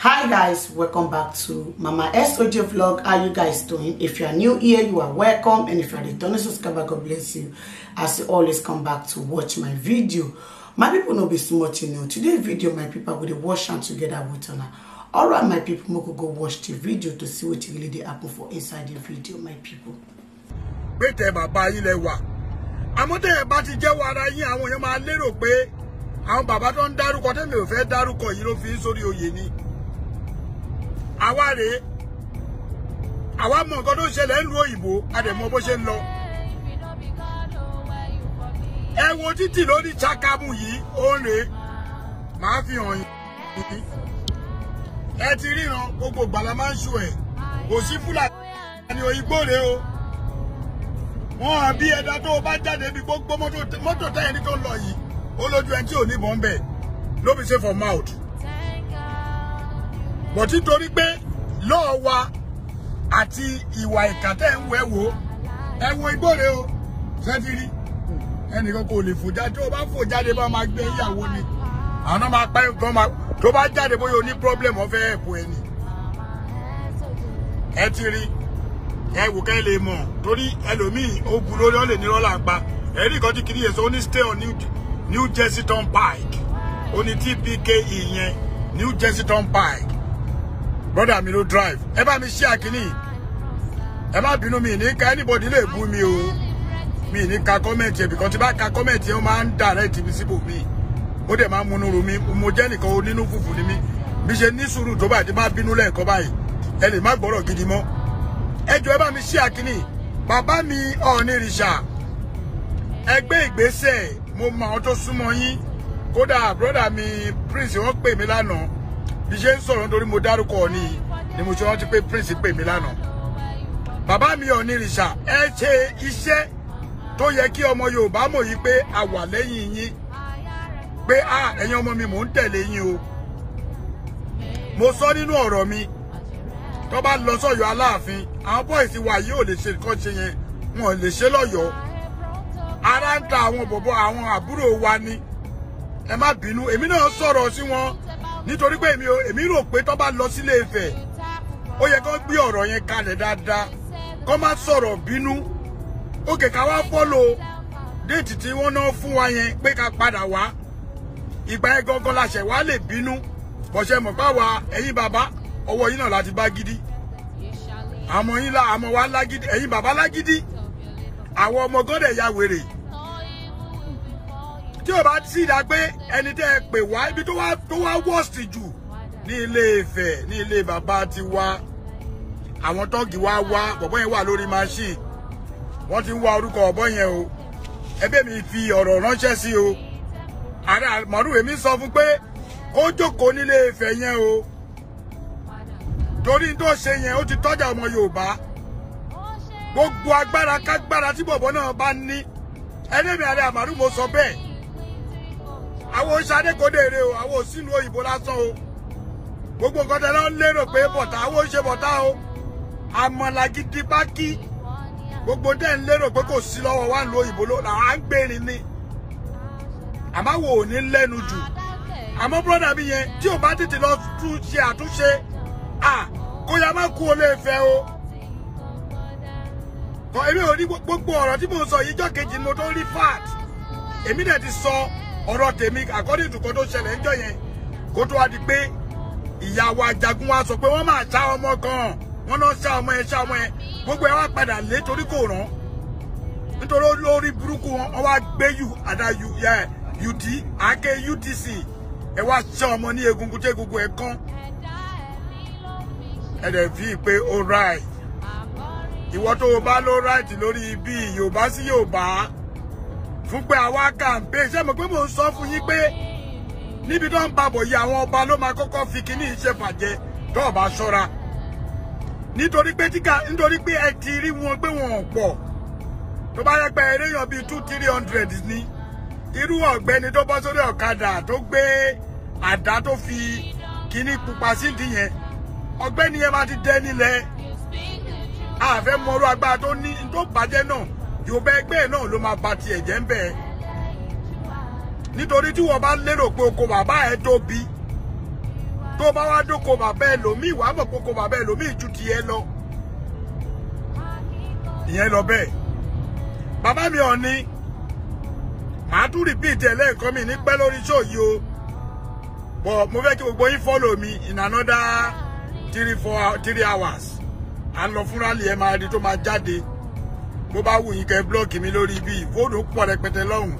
hi guys welcome back to mama soj vlog how you guys doing if you are new here you are welcome and if you are returning subscriber god bless you as you always come back to watch my video my people no be small you know today video my people will dey watch together with una all right my people make go watch the video to see what really dey happen for inside the video my people. pété bàbá ẹ̀ bá ti jẹ́wọ́ ara yín àwọn èèyàn máa lérò pé àwọn bàbá tó ń dárúkọ tẹ́mi ò fẹ́ dárúkọ yìí ló fi ń sórí oyè ni àwa rèé àwa mọ nǹkan tó ń ṣẹlẹ̀ ńlú òyìnbó àdẹ̀mọ́ bó ṣe ń lọ. ẹ wo títì lórí chakamu yìí ó ń rèé màá fi hàn yín. ẹ ti ríran gbogbo gbàlà máa ń ṣù ẹ̀ kò sí fúlàní òyìnbó rèé o. wọ́n hàn bí ẹ̀dá tó o bá jáde bí gbogbo mọ́tò táyà ní tó ń lọ yìí ó lójú ẹni tí ò ní bọ́ ń bẹ̀ ló fi ṣe for mouth bọ̀tí torí pé lọ́ọ̀ wa àti ìwà ìkà ń wẹ̀ wò ẹ wo o sẹ́tì rí ẹnìkan kò lè fò jáde tó bá fò jáde bá máa gbé ìyàwó ni àwọn náà máa pa ẹ̀ gan máa bá jáde bóyá o ní problem ọ̀fẹ́ ẹ̀pọ̀ ẹni ẹ ti rí ẹ wò kẹ́ lè mọ̀ torí ẹlòmíì ó bu lórí ó ní rọ́là ń ẹ̀rí kan tí kiri èso ní stay on New Jersey Turnpike ó ní TPK ìyẹn e New Jersey Turnpike brother mi ló drive ẹ bá mi share kínní ẹ má bínú mi ní ká anybody lè bú mi o mi ní ka comment ẹ because tí bá ka comment ẹ ó máa ń direct mi síbò mi ó dẹ̀ máa ń múnú ru mi mo jẹ́ nìkan onínú fùfù ni mi bí ṣe ní sùúrù tó bá ti bá bínú lẹ́ẹ̀kan báyìí ẹ lè má gbọ́rọ̀ gidi mọ́ ẹ jọ̀ọ́ ẹ bá mi share kínní bàbá mi Ọ̀ọ̀nirìṣà ẹ gbé ìgbésẹ̀ mo mọ àwọn tó súnmọ́ yín kódà brother mi prince wọ́n pè mí lánàá bí ṣe ń sọ̀rọ̀ nítorí mo dárúkọ Ọọ̀ni ni mo ṣe rántí pé prince pè mí lánàá bàbá mi Ọ̀nìrìṣà ẹ ṣe iṣẹ́ tó yẹ kí ọmọ Yorùbá mọ̀ yìí pé a wà lẹ́yìn yín pé a ẹ̀yin ọmọ mi mò ń tẹ̀lé yín o mo sọ nínú ọ̀rọ̀ mi tó bá lọ sọ́yọ́ aláàfin àwọn bọ́ìsì wa yìí ò lè ṣe nǹkan ṣe yẹn wọn ò lè ṣe lọ́yọ̀ọ́ ara ń ta àwọn bọ̀bọ̀ àwọn àbúrò wa ni ẹ má bínú èmi náà sọ̀rọ̀ sí wọn nítorí pé èmi rò pé tó bá lọ sílé Ifẹ̀ ó yẹ kó gbé ọ̀rọ̀ yẹn kalẹ̀ dáadáa kó má sọ̀rọ̀ bínú ó kè ká wá fọ́lò déètì tí wọ́n náà fún wa yẹn pé ká padà wá ìgbà yẹn gangan la ṣẹ̀ wá lè bínú bọ̀ṣẹ̀ mọ̀ pá wa bàbá ọwọ́ yín náà láti bá gidi àmọ́ yín la àmọ́ wa lágídí ẹ̀yin bàbá lágídí àwọn ọmọ gọ́dẹ̀ ya wèrè tí ò bá sì dá pé ẹni tẹ́ ẹ pè wá ibi tó wá tó wá wọ́ọ̀sì jù ní ilé Ifẹ̀ ní ilé bàbá ti wá àwọn tọ́ọ̀gì wá wá bọ̀bọ́ yẹn wà lórí machine wọ́n ti ń wá orúkọ ọ̀bọ yẹn o ẹgbẹ́ mi fi ọ̀rọ̀ ránṣẹ́ sí o ara mọ̀rúwé mi sọ fún pé ó jókòó nílé Ifẹ̀ yẹn o torí tó ṣe yẹn ó ti tọ́jà ọmọ Yorùbá gbogbo agbára kágbára tí bọ̀bọ́ náà bá ní ẹlẹ́mìí ara àmàlù mo sọ bẹ́ẹ̀ àwọn oṣadé kò dèrè o àwọn òsínú òyìnbó lásán o gbogbo nǹkan tẹ lọ́n lérò pé bọ̀tà àwọn oṣe bọ̀tà o àmọ̀là gidi pákí gbogbo dẹ́ ń lérò pé kò sí lọ́wọ́ wa ń lo òyìnbó lọ́wọ́ à ń gbé ni ni àmọ́ wò ó ní lẹ́nu jù àmọ́ bọ́dà mi yẹn tí ò bá tètè lọ tún ṣe àtúnṣe à kó ya má kú olè fẹ́ o kọ èmi ò ní gbogbo ọ̀rọ̀ tí mo sọ yìí jọ́ kejì mo tó rí fat èmi dẹ̀ ti sọ. So, ọ̀rọ̀ tèmi according to kó ṣẹlẹ̀ ń jọ yẹn kó tó wá di pé ìyàwó ajagun wa sọ pé wọ́n máa ṣá ọmọ kan wọ́n lọ ṣá ọmọ yẹn ṣá ọmọ yẹn gbogbo ẹ̀ wá padà lé torí kò rán nítorí lórí burúkú wọn wá gbé yù àdá yù àáké UDC ẹ wá ṣá ọmọ ní egungun tó egungun ẹ kán ẹ dẹ̀ fi pé ó right ìwọ tó o bá ló right lórí ibi Yorùbá sí Yorùbá. fún pé àwa kàǹpé ṣé mo pé mò ń sọ fún yín pé níbi tó ń babọ̀ yìí àwọn ọba ló máa kọ́kọ́ fi kíní ìṣe bàjẹ́ tó ṣọ́ra nítorí pé ti rí wọn pé wọn ò pọ̀ tó bá two three hundred ni irú ọ̀gbẹ́ni tó bọ́ sórí ọ̀kadà tó gbé àdá tó fi kíní pupa yẹn ọ̀gbẹ́ni yẹn ti dẹ́ nílẹ̀ agbára tó ní tó ìjọba ẹgbẹ́ náà ló máa ba tiẹ̀ jẹ́ ń bẹ́ẹ̀ nítorí tí wọ́n bá lérò pé oko bàbá ẹ tóbi tó bá wá dóko bàbá ẹ lòmíì wàá mọ̀ pé oko bàbá ẹ lòmíì ju tiẹ̀ lọ ìyẹn lọ bẹ́ẹ̀ bàbá mi ò ní màá tún rìpíìtì ẹ̀ lẹ́ẹ̀kan mi ní pẹ́ lórí ṣó o but mo fẹ́ kí gbogbo yín follow mi in another three four three hours à ń lọ fúnra lè ẹ máa di tó máa jáde bó bá wù yín kẹ́ búlọ́ọ̀kì mi lórí ibi ìfóònù pọ̀ rẹpẹtẹ lọ́hùn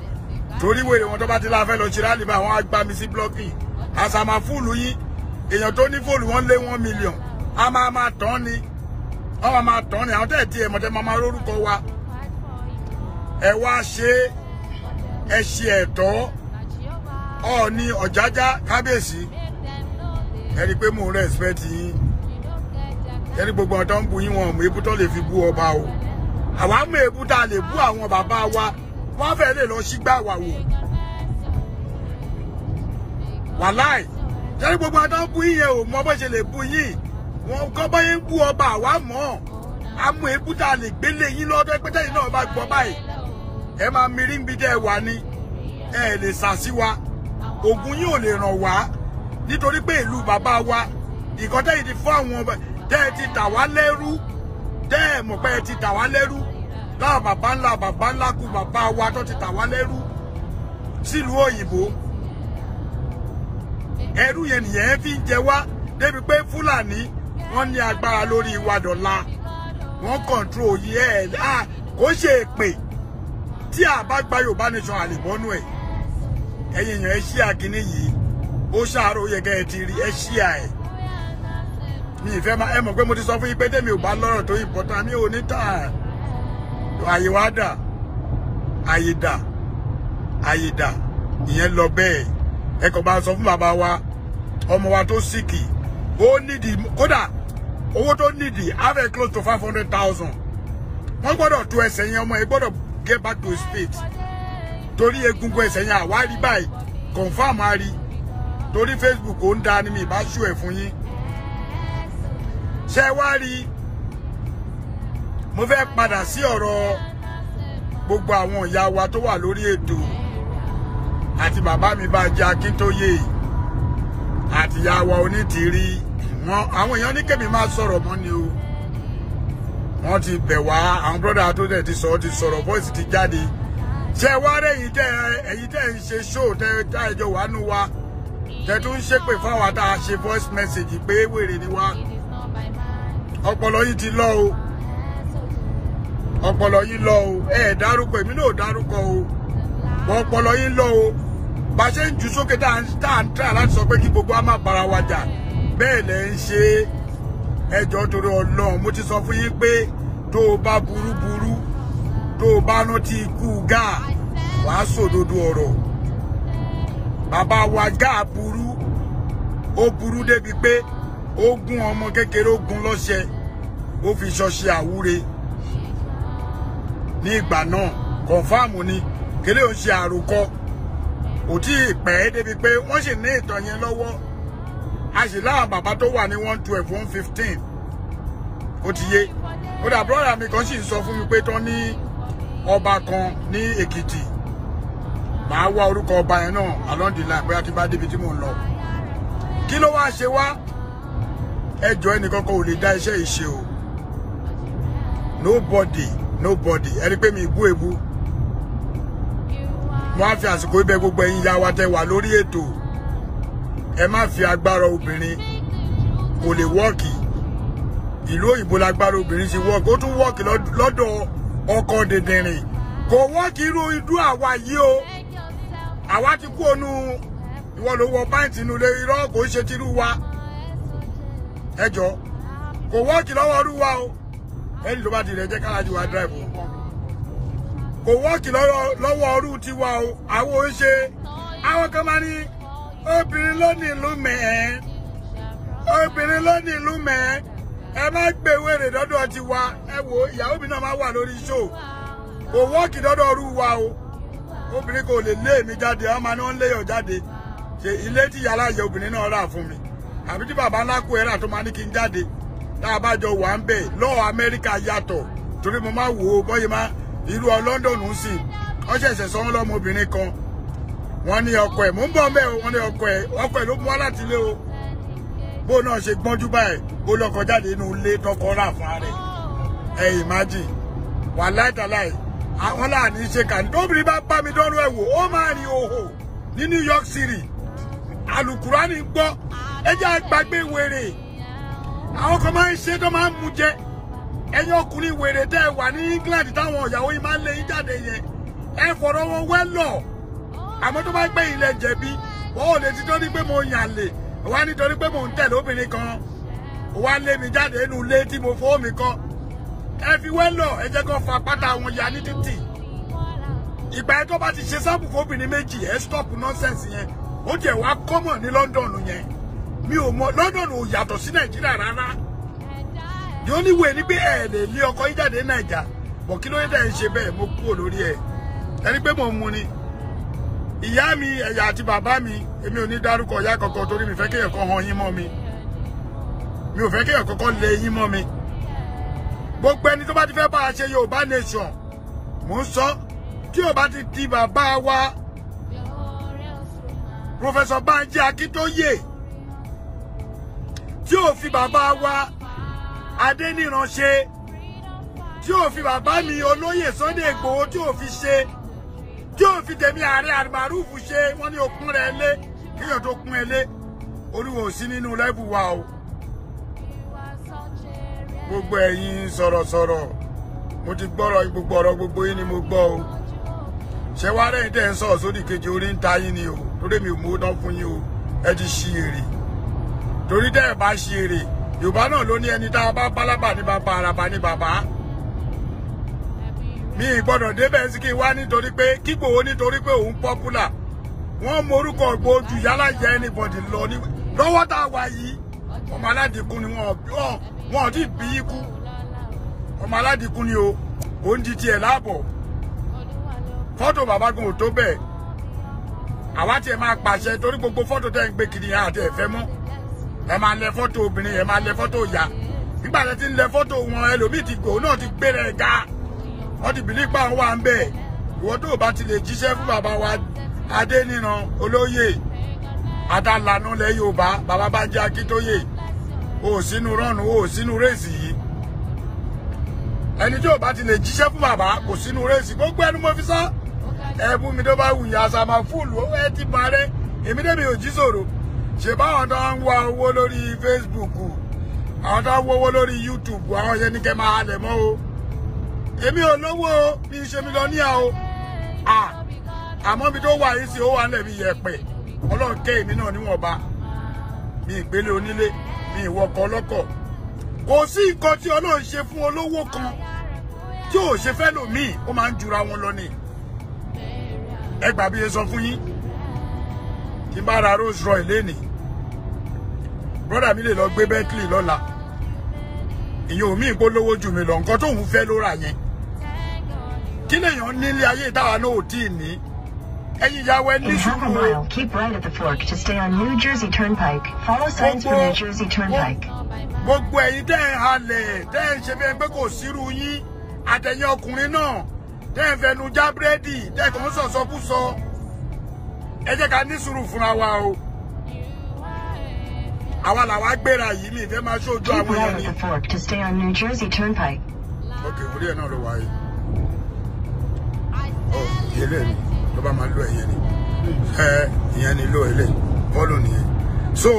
torí wèrè wọn tó bá ti láfẹ́ lọ ṣe rálì bá wọn á gbá mi sí búlọ́ọ̀kì àsàmà fúlù yín èèyàn tó ní fóònù wọn lé wọn mílíọ̀n a máa máa tán ni wọn máa máa tán ni àwọn tẹ̀ tiẹ̀ mọ̀tẹ́ máa máa lórúkọ wa ẹ wá ṣe ẹ ṣe ẹ̀tọ́ Ọọ̀ni Ọ̀jájá kábíyèsí ẹ rí i pé mò ń rẹ́spẹ́tì yín ẹ rí gbogbo àwọn tó ń bu yín wọn mú ibú tó lè fi bú ọba o àwa mọ èbú tá a lè bú àwọn bàbá wa wọ́n fẹ́ lè lọ sígbà wà wò wàláì jẹ́rí gbogbo adán bú yín yẹn ò mọ bó ṣe lè bú yín wọn kọ́ bá yín bú ọba àwa mọ̀ àmọ́ èbú tá a lè gbélé yín lọ́dọ̀ pé tẹ́yìn náà bá gbọ́ báyìí ẹ máa mirí ń bi dẹ́ wà ni ẹ lè sà sí wa ògùn yín ò lè ràn wá nítorí pé ìlú bàbá wa ìkọ́tẹ́yìn ti fọ́ àwọn tẹ́ ẹ ti tà wá lẹ́rú tẹ́ ẹ mọ̀ pé ẹ ti tà wá lẹ́rú láwọn bàbá ńlá bàbá ńlá kù bàbá wa tó ti tà wá lẹ́rú sílùú òyìnbó ẹrú yẹn nìyẹn fi ń jẹ wá débi pé fúlàní wọ́n ní agbára lórí wa dọ̀la kọ̀ǹtró yìí ẹ̀ á kó ṣe èpè tí a bá gba yorùbá nation àlèbọ́nú ẹ̀ ẹ̀yìn èèyàn ẹ ṣí àkíní yìí ó ṣàárò yẹ kẹ́ ẹ ti rí ẹ ṣí à ẹ̀ mi ìfẹ́ ẹ mọ̀ pé mo ti sọ fún yín pé tèmi ò bá lọ́rọ̀ tó important mi ò ní tà àyè wa dà àyè dà àyè dà ìyẹn lọ bẹ́ẹ̀ ẹ kò bá sọ fún bàbá wa ọmọ wa tó síkì ó nídìí kódà owó tó nídìí have close to five hundred thousand wọ́n gbọ́dọ̀ tó ẹsẹ̀ yẹn ọmọ yẹn gbọ́dọ̀ get back to his feet torí egungun ẹsẹ̀ yẹn àwárí báyìí confam ari torí Facebook ó ń da ni mi ìbá ṣú ẹ̀ fún yín ṣé wá rí mo fẹ́ padà sí ọ̀rọ̀ gbogbo àwọn ìyá wa tó wà lórí ètò àti bàbá mi Bánjí Akíntóyè àti ìyá wa Onítìrí àwọn èèyàn ní kẹ́mi máa sọ̀rọ̀ mọ́ ni o wọ́n ti bẹ̀ wá àwọn brọ́dà tó dẹ̀ ti sọ̀rọ̀ ti sọ̀rọ̀ voice ti jáde ṣe wá rẹ̀ èyí tẹ́ èyí tẹ́ ń ṣe show tẹ́ tá ẹjọ́ wà nù wa tẹ́ tún ń ṣépè fáwọn tá voice message pé wèrè ni wa ọpọlọ yìí ti lọ o ọpọlọ yín lọ o ẹ dárúkọ èmi náà dárúkọ o ọpọlọ yín lọ o bá ṣe ń jù sókè tá à ń tà láti sọ pé kí gbogbo a máa bára wa jà bẹ́ẹ̀ lẹ́ ń ṣe ẹjọ́ torí ọlọ́run mo ti sọ fún yín pé tó o bá burú burú tó o bá rántí ikú gáà wàá sòdodo ọ̀rọ̀ bàbá wa gáà burú ó burú débi pé ó gún ọmọ kékeré ó gún lọ́ṣẹ ó fi ṣọṣẹ àwúre ní ìgbà náà kọ̀ǹfàmù ni kele ò ń ṣe àròkọ ò tí ì pẹ́ débi pé wọ́n sì ní ìtàn yẹn lọ́wọ́ a sì láwọn bàbá tó wà ní one twelve one fifteen ó ti yé ó dà brọ́dà mi kan sì ń sọ fún mi pé tán ní ọba kan ní Èkìtì màá wá orúkọ ọba yẹn náà along the line bóyá tí bá débi tí mò ń lọ kí ló wá ṣe wá ẹjọ́ ẹnìkan kan ò lè dá iṣẹ́ ìṣe o nobody nobody ẹni pé mi bú èbú mo á fi àsìkò ibẹ̀ gbogbo ẹ̀yin ya wa tẹ wà lórí ètò ẹ má fi agbára obìnrin kò lè wọ́ọ̀kì ìlú òyìnbó lágbára obìnrin ti wọ́ọ̀kì ó tún wọ́ọ̀kì lọ́dọ̀ ọkọ dìndìnrìn kò wọ́ọ̀kì irú idú àwa yìí o àwa ti kú ònú ìwọ ló wọ pàǹtì inú ilé irọ́ kò ń ṣe tìrú wa ẹjọ́ kò wọ́ọ̀kì lọ́wọ́ ọdún wa o. ẹni tó bá ti rẹ̀ jẹ́ kálájú wa drive o kò wọ́ọ̀kì lọ́wọ́ ti tiwa o àwọn ò àwọn kan máa ní obìnrin ló ìlú mẹ́ẹ́ obìnrin ló ìlú mẹ́ẹ́ ẹ má gbé wèrè dọ́dọ̀ tiwa ẹ wò ìyàwó mi náà wà lórí show kò wọ́ọ̀kì dọ́dọ̀ ọrú wa o obìnrin kò mi jáde máa ní wọ́n jáde ṣe ilé tí obìnrin náà rà fún mi àbí tí bàbá ńlá kó ẹ rà tó máa ní kí n tá a bá jọ wà ń bẹ̀ lọ́ọ̀ amẹ́ríkà yàtọ̀ torí mo máa wò ó bọ́yé má ìlú London ń sìn wọ́n ṣẹ̀ṣẹ̀ sọ wọ́n lọ́mọbìnrin kan wọ́n ní ọkọ ẹ̀ mò ń bọ̀ ń bẹ̀ wọ́n ní ọkọ ẹ̀ ọkọ ẹ̀ ló mú wá láti ilé o bó náà ṣe gbọ́njú báyìí ó lọ́kọ jáde inú ilé tọkọ rà fún rẹ̀ ẹ̀ ìmájì wà láìtàláì àwọn láàánú ṣe kà ní tóbi bá bá mi dọ́rùn ẹ̀ wò ó máa rí òhò ní New York City alukurani gbọ́ ẹ jẹ́ àgbàgbé wèrè àwọn kan máa ń ṣe tó máa ń mu jẹ ẹ̀yin ọkùnrin wèrè tẹ́ ẹ wà ní England táwọn ìyàwó yìí máa ń lé yín jáde yẹn ẹ fọ̀rọ̀ wọn wẹ́lọ̀ àmọ́ tó bá gbé ilẹ̀ jẹ̀bi wọ́n ò lè ti torí pé mo yàn lè wá nítorí pé mo ń tẹ̀lé obìnrin kan wá lé mi jáde nínú ilé tí mo fowó mi kọ́ ẹ fi wẹ́lọ̀ ẹ jẹ́ kó fa pátá wọn ya ní títì ìgbà ẹ tó bá ti ṣe sáàpù fóbìnrin méjì ẹ stop nonsense yẹn ó jẹ́ wá kọ́mọ̀ ní London yẹn mi ò mọ London ò yàtọ̀ sí Nàìjíríà rárá the only way ni pé ẹ lè lé ọkọ yín jáde Nàìjà bọ̀ kí ló dé ń ṣe bẹ́ẹ̀ mo kúrò lórí ẹ̀ ẹni pé mo mu ni ìyá mi ẹ̀yà àti bàbá mi èmi ò ní dárúkọ ìyá kankan torí mi fẹ́ kéèyàn kan han yín mọ́ mi mi ò fẹ́ kéèyàn kankan lé yín mọ́ mi gbogbo ẹni tó bá ti fẹ́ bá a ṣe Yorùbá nation mò ń sọ tí ò ti di bàbá wa Professor Banji Akíntóyè tí ò fi bàbá wa Adéníran ṣe tí ò fi bàbá mi olóyè Sunday Ìgbòho tí ò fi ṣe tí ò fi tèmi ààrẹ àrùbárùfù ṣe wọ́n ní okun rẹ̀ lé kéèyàn tó kún ẹ lé sí nínú lẹ́bù wa o gbogbo ẹ̀yin sọ̀rọ̀sọ̀rọ̀ mo ti gbọ́rọ̀ gbogbo ọ̀rọ̀ gbogbo yín ni mo gbọ́ o ṣé wàá sọ̀rọ̀ sódì kejì orí ń ta yín ni o torí mi ò mú ó fún yín o ẹ ti ṣí èrè torí tẹ́ ẹ̀ bá ṣe èrè yorùbá náà ló ní ẹni tá a bá pálábà ní bàbá araba ní bàbá mi ìgbọ́dọ̀ débẹ̀ sí kí n wá nítorí pé kí Ìgbòho nítorí pé òun pọ́pùlà wọ́n morúkọ gbòójù yálà yẹ ẹnìbọ̀dì lọ ní lọ́wọ́ tá a wà yìí ọmọ aládìkú ni wọn wọn ò tí bí í kú ọmọ aládìkú ni o òun di tiẹ̀ láàbọ̀ fọ́tò bàbá gan ò tó bẹ́ẹ̀ àwa tiẹ̀ máa pàṣẹ torí gbogbo fọ́tò tẹ́ ń gbé kiri àti ẹ̀fẹ́ mọ́ ẹ máa lẹ fọ́tò obìnrin ẹ máa lẹ fọ́tò ìyá nígbà tí ń lẹ fọ́tò wọn ẹlòmíì ti gbòó náà ti gbére ẹ̀ ga wọ́n ti bìlí pa wà ń bẹ̀ ìwọ tó bá ti lè jíṣẹ́ fún bàbá wa Adéníran olóyè adálànà lẹ Yorùbá bàbá Bánjí Akíntóyè o ò sínú rọ́ọ̀nù o ò sínú réèsì yìí ẹni tí ò bá ti lè jíṣẹ́ fún bàbá kò sínú réèsì gbogbo ẹnu mo fi sá ẹ̀bùn mi tó bá wù yà sàmà fúlù ẹ ti parẹ́ èmi débi ò jí sòrò ṣe báwọn tó ń wá owó lórí Facebook àwọn tó ń wá owó lórí YouTube àwọn yẹn ní kẹ́ máa halẹ̀ mọ́ o èmi ò lówó mi ṣe mi lọ ní à àmọ́ mi tó wà yìí sí ó wà mi yẹ̀pẹ̀ ọlọ́run kẹ́ èmi náà níwọ̀nba mi ìgbélé onílé mi ìwọkọ̀ ọlọ́kọ̀ kò sí nǹkan tí ọlọ́run ṣe fún olówó kan tí ò ṣe fẹ́ lòmíì ó máa ń jura wọn lọ ni ẹ gbà bí ẹ sọ fún yín tí n bá ra Rolls Royce lénìí brọ́dà mi lè lọ gbé bentley lọ́la ìyẹn omi ìpolówó jù mí lọ nǹkan tóun fẹ́ ló rà yẹn kí lèèyàn nílé ayé ìtawà náà ò tí ì ní ẹ̀yin ìyàwó ẹni ṣùgbọ́n. in half a mile keep right at the fork to stay on new jersey turnpike follow signs for new jersey turnpike. gbogbo ẹ̀yin tẹ́ ẹ halẹ̀ tẹ́ ẹ ṣe fẹ́ pé kò sírú yín àtẹ̀yìn ọkùnrin náà tẹ́ ẹ fẹnu já búrẹ́dì tẹ́ ẹ kàn ń sọ̀sọ́kú sọ ẹ jẹ́ ká wa o àwa làwa gbéra yìí ní ìfẹ́ máa ṣojú àwọn èèyàn ní. ok orí ẹ̀ náà ló wáyé ọ ìyẹlẹ ni ló bá máa lo ẹ̀yẹ ni ẹ ìyẹn ni lo ẹlẹ bọ́ọ̀lù nìyẹn so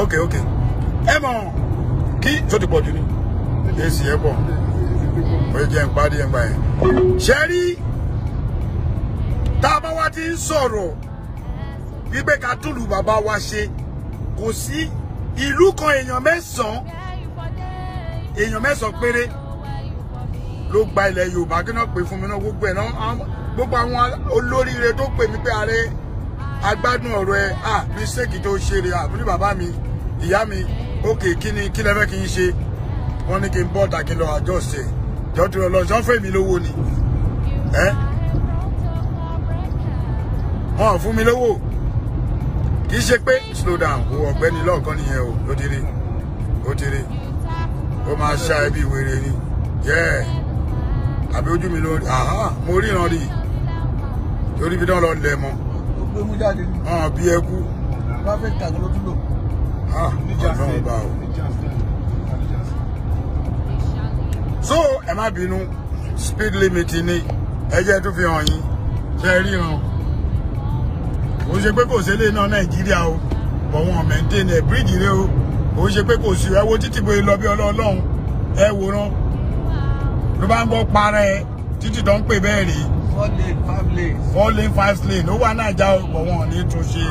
ok ok ẹ mọ̀ kí tó ti pọ̀ jù ni èsì ẹ pọ̀ ó jẹ́ ń parí ẹ̀ ń gbà yẹn ṣe rí tá a bá wá ti ń sọ̀rọ̀ wípé ká túlù bàbá wa ṣe kò sí ìlú kan èèyàn mẹ́sàn-án èèyàn mẹ́sàn-án péré ló gba ilẹ̀ Yorùbá kí náà pè fún mi náà gbogbo ẹ̀ náà gbogbo àwọn olóríire tó pè mí pé ààrẹ agbádùn ọ̀rọ̀ ẹ à ah, mistake tó ṣe rè àbúrò bàbá mi ìyá mi òkè kí ni kí lẹ́fẹ́ kí n ṣe wọ́n ní kí n bọ́ dàkí lọ àjọ ṣe jọ́tún fún èmi lówó ni ẹ́ wọ́n fún mi lówó kì í ṣe pé slow down o ọ̀gbẹ́ni lọ́ọ̀kan nìyẹn o ó ti rí ó ti rí ó máa ṣá ẹbí wèrè ni yẹ́ẹ̀ àbí ojú mi ló rí àhá mo ríran rí torí bí náà lọ lẹ̀ mọ́ bí ẹkú. Ah, so ẹ má bínú speed limit ni ẹ jẹ́ tó fi hàn yín ṣe ríran ó ṣe pé kò sílé iná nàìjíríà o bọ̀ wọn maintain ẹ̀ bíríìjì rẹ o ó ṣe pé kò sí ẹwọ títí bóyá lọ bí ọlọ́ọ̀lọ́hún ẹ wòran ló bá ń gbọ́ para títí tó ń pè bẹ́ẹ̀ rí. four lane five lane. four lane five lane ó wà náàjà bọ̀ wọn ní túnṣe.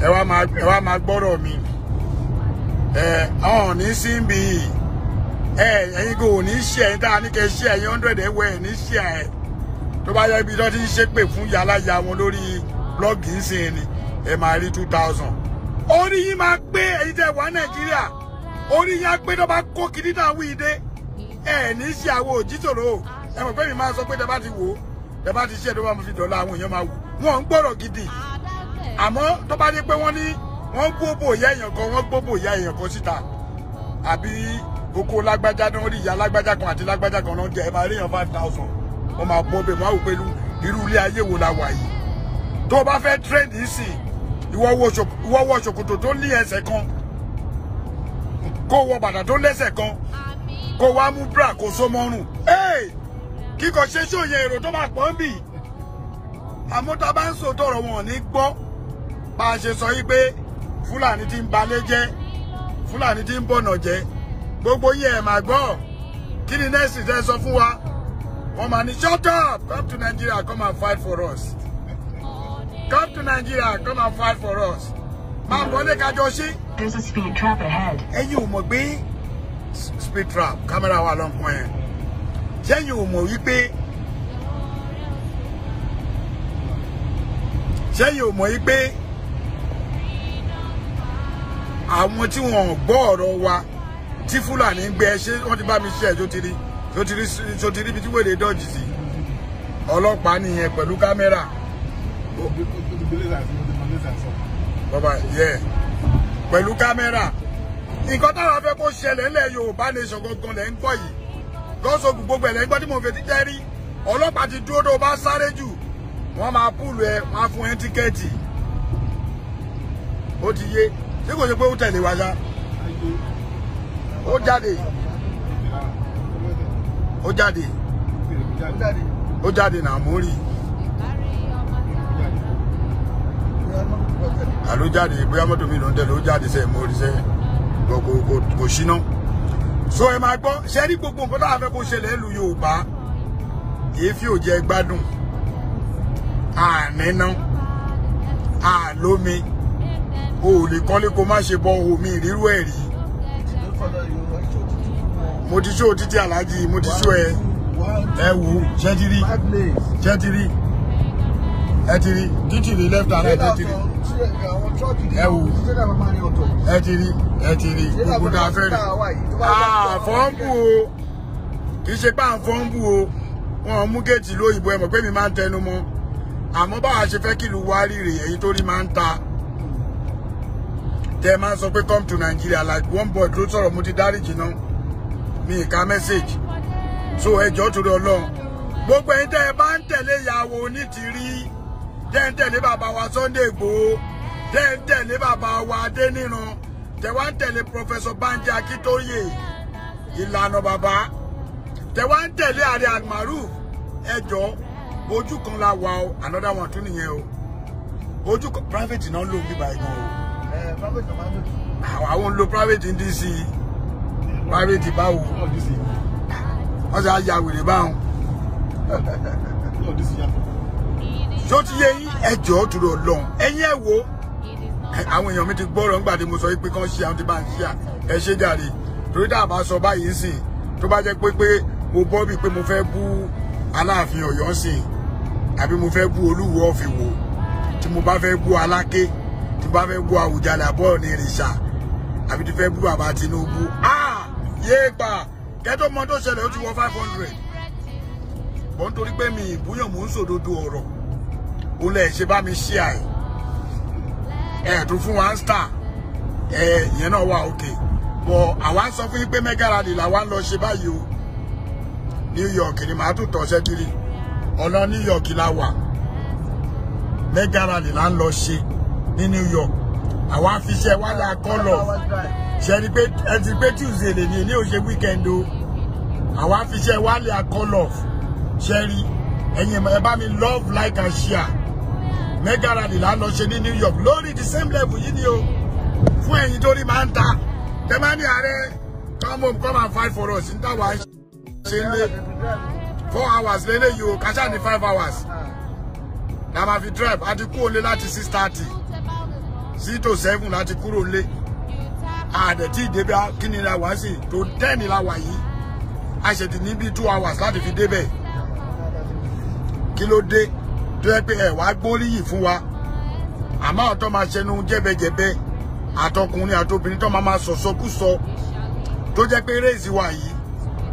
ẹ wá máa ẹ wá máa gbọ́rọ̀ mi ẹ ọ̀hún ní síbi ẹ ẹ̀yin kò ní ṣe ẹ̀yin tá a ní kẹ́ ṣe ẹ̀yin hundred ẹ̀ wẹ̀ ní ṣe ẹ̀ tó bá yẹ ibi tó ti ń ṣépè fún yàláyà wọn lórí blọọgì ń sìn ni ẹ máa rí two thousand. orí yín máa gbé èyí tẹ wá nàìjíríà orí á gbé tó bá kó kiri náà wí dé ẹ ní í ṣe àwọn òjítòrò ẹ mọ̀ pé mi máa sọ pé tẹ bá ti wò ó tẹ ti ṣe tó bá fi dọ̀la àwọn èèyàn máa wò wọn ń gbọ́rọ̀ gidi àmọ́ tó bá dé pé wọ́n ní wọ́n gbóbò ìyá èèyàn kan wọ́n gbóbò ìyá èèyàn kan síta àbí oko lágbájá náà rí ìyá lágbájá kan àti lágbájá kan náà jẹ ẹ máa rí èèyàn five thousand wọ́n máa bọ́ bẹ́ẹ̀ máa wò pé irú ilé ayé wo la wà yìí tó o bá fẹ́ trend yìí sí ìwọ wọ ṣòkòtò tó ní ẹsẹ̀ kan kó wọ bàtà tó lẹ́sẹ̀ kan kó wá mú bra kó so mọ́rùn kíkọ ṣe ṣòye èrò tó máa pọ̀ ń bì àmọ́ tá a bá ń sọ tọrọ wọn ní gbọ́ bá a ṣe sọ yí pé ti ń balé jẹ́ fúlàní ti ń bọ̀nà jẹ́ gbogbo yìí ẹ̀ máa gbọ́ kí ni nẹ́ẹ̀sì tẹ́ wa Come and shut up! Come to Nigeria, come and fight for us. Come to Nigeria, come and fight for us. Ma'am, wọlé kájọ There's a speed trap ahead. Ẹ̀yin ò mọ̀ speed trap Camera wà lọ́nkàn yẹn. Ṣẹ́yin ò mọ̀ wípé ṣẹ́yin ò mọ̀ wípé àwọn tí wọ́n gbọ́ ọ̀rọ̀ wa tí Fúlàní ń gbé ẹ ṣé wọ́n ti So ti rí ibi tí wèrè dọ́jì sí ọlọ́pàá nìyẹn pẹ̀lú kámẹ́rà. bọ́bá yẹ pẹ̀lú kámẹ́rà nǹkan táwọn afẹ́ kó ṣẹlẹ̀ ńlẹ̀ Yorùbá nation gangan le ń gbọ́ yìí gọ́sọ̀gù gbogbo ẹ̀ lẹ́ ń gbọ́ mo fẹ́ ti jẹ́ rí ọlọ́pàá ti dúró tó bá sáré jù wọ́n máa púùlù ẹ wọ́n á fún ẹ tíkẹ́ẹ̀tì ti yé ṣé kò ṣe pé ó tẹ̀lé wa ṣá ó jáde ó jáde ó jáde náà mú rí àló jáde bóyá mọ́tò mi ló ń tẹ̀lé ó jáde sẹ́yìn mú rí sẹ́yìn kò síná so ẹ máa gbọ́ ṣe rí gbogbo nǹkan táwọn afẹ́ kó ṣẹlẹ̀ lu Yorùbá èéfì ò gbádùn àníná àlómi o ò lè kọ́lé kó má ṣe bọ́ omi ìrírú ẹ̀ rí mo ti ṣó títí aláàjì mo ti ṣó ẹ ẹ wò ṣẹ́ ti rí ṣẹ́ ti left and right ẹ ti rí ẹ wò ẹ ti rí ẹ ti rí gbogbo tá a fẹ́ rí àfọ́nbù ah, o kì í ṣe pé àfọ́nbù o wọn mú géètì lóyìnbó ẹ mọ̀ pé mi máa ń tẹnu mọ́ àmọ́ báwa ṣe fẹ́ kìlú wa rírè èyí tó rí máa ń ta tẹ máa ń sọ pé come to Nigeria like one boy tó sọ̀rọ̀ mo ti dáríjì náà ní ìka message. so ẹjọ́ torí ọlọ́run gbogbo ẹ̀yin tẹ́ ẹ bá ń tẹ̀lé ìyàwó onítìrí tẹ́ ń tẹ̀lé bàbá wa Sunday Igboho tẹ́ ń tẹ̀lé bàbá wa Adéníran tẹ́ wá ń tẹ̀lé Professor Banji Akíntóyè ìlànà bàbá tẹ́ wá ń tẹ̀lé Ààrẹ Almaroof ẹjọ́ ojú kan la wà o another one tún nìyẹn o ojú kan private náà ló ń bíbá ẹ̀gbọ́n o eh, àwọn ń lo private in DC private báwo wọ́n ti àjà wèrè báwọn. tó ti yé yín ẹjọ́ dúró lọ́hùn ẹ̀yin ẹ̀ wò àwọn èèyàn mi ti gbọ́rọ̀ ńgbà tí mo sọ pé kán ṣe àwọn tí bá ń ṣe ẹ ṣe jàre torí tá a bá sọ báyìí sìn tó bá jẹ́ pé pé mo bọ́ bíi pé mo fẹ́ bú aláàfin ọ̀yọ́ sìn àbí mo fẹ́ bú olúwo ọ̀fìwò tí mo bá fẹ́ bú aláké tí mo bá fẹ́ bú àwùjalè àbọ̀ ní ìrìnsà àbí tí fẹ́ Tinubu á yéèpà kẹ́tọ́ mọ tó ṣẹlẹ̀ ó ti wọ five hundred bọ́ nítorí pé mi ìbúyàn mò ń sòdodo ọ̀rọ̀ ó lẹ̀ ṣe bá mi ṣí àì ẹ̀ tún fún one star ẹ̀ yẹn náà wà òkè bọ̀ àwa ń sọ fún yín pé mẹ́gàràdì làwa ń lọ ṣe báyìí o New York ni màá tún tọ̀ ṣẹ́gìrì ọ̀nà New York la wà mẹ́gàràdì là ń lọ ṣe ní New York àwa fi iṣẹ́ wa la kọ́ lọ ṣe ni pé ẹ ti pé tuesday lè ní ilé òṣè weekend o àwa fi iṣẹ́ wa la kọ́ lọ ṣe rí ẹ̀yin bá mi love like and share mẹ́gàrà lè lá lọ ṣe ní new york lórí the same level yìí ni o fún ẹ̀yin tó rí máa ń ta tẹ́ ààrẹ come home come and fight for us ń táwa ṣe ń lé four hours lélẹ́yìí o kàṣà ní five hours la máa fi drive àti kú òun lé láti six thirty sí tó láti kúrò lé àdẹ̀tí ìdébí kíni la wá sí tó ten la wà yìí a ṣe ti ní two hours láti fi débẹ̀ kí ló dé tó yẹ pé ẹ wá gbóríyìn fún wa àmọ́ ọ̀tọ́ máa ṣẹnu jẹ́bẹjẹ́bẹ́ àtọkùnrin àtobìnrin tó máa máa sọ̀sọ́kúsọ tó jẹ́ pé réèzì wa yìí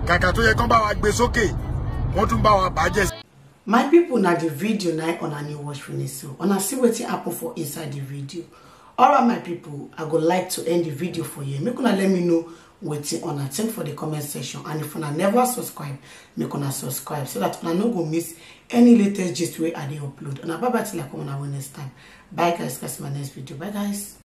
kàkà tó yẹ kán bá wa gbé sókè wọ́n tún bá wa bàjẹ́. my people, na the video na una new watch finish so una see wetin happen for inside the video alright my people, i would like to end the video for you. make una let me know wetin una think for the comment section and if una never subscribe make una subscribe so that you no go miss any latest gist wey i dey upload una bye bye till i come una next time bye guys catch my next video bye guys